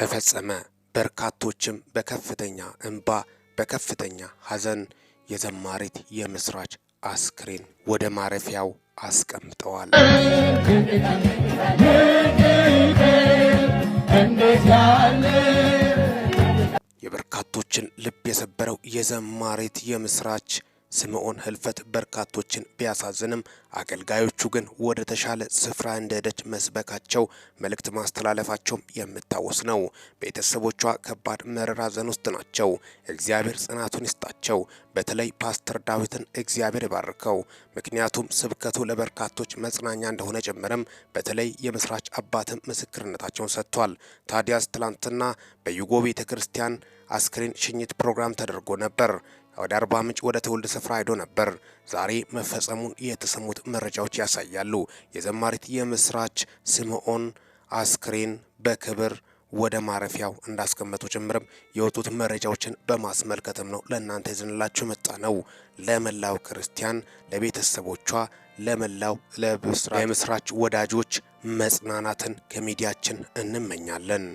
ተፈጸመ። በርካቶችም በከፍተኛ እንባ በከፍተኛ ሐዘን የዘማሪት የምስራች አስክሬን ወደ ማረፊያው አስቀምጠዋል። የበርካቶችን ልብ የሰበረው የዘማሪት የምስራች ስምዖን ህልፈት በርካቶችን ቢያሳዝንም አገልጋዮቹ ግን ወደ ተሻለ ስፍራ እንደሄደች መስበካቸው መልእክት ማስተላለፋቸውም የምታወስ ነው። ቤተሰቦቿ ከባድ መራር ሐዘን ውስጥ ናቸው። እግዚአብሔር ጽናቱን ይስጣቸው። በተለይ ፓስተር ዳዊትን እግዚአብሔር ይባርከው። ምክንያቱም ስብከቱ ለበርካቶች መጽናኛ እንደሆነ ጭምርም በተለይ የምስራች አባትም ምስክርነታቸውን ሰጥቷል። ታዲያስ ትላንትና በዩጎ ቤተ ክርስቲያን አስክሬን ሽኝት ፕሮግራም ተደርጎ ነበር። ወደ አርባ ምንጭ ወደ ትውልድ ስፍራ ሄዶ ነበር። ዛሬ መፈጸሙን የተሰሙት መረጃዎች ያሳያሉ። የዘማሪት የምስራች ስምኦን አስክሬን በክብር ወደ ማረፊያው እንዳስቀመጡ ጭምርም የወጡት መረጃዎችን በማስመልከትም ነው ለእናንተ ይዘንላችሁ መጣ ነው። ለመላው ክርስቲያን፣ ለቤተሰቦቿ፣ ለመላው ለምስራች ወዳጆች መጽናናትን ከሚዲያችን እንመኛለን።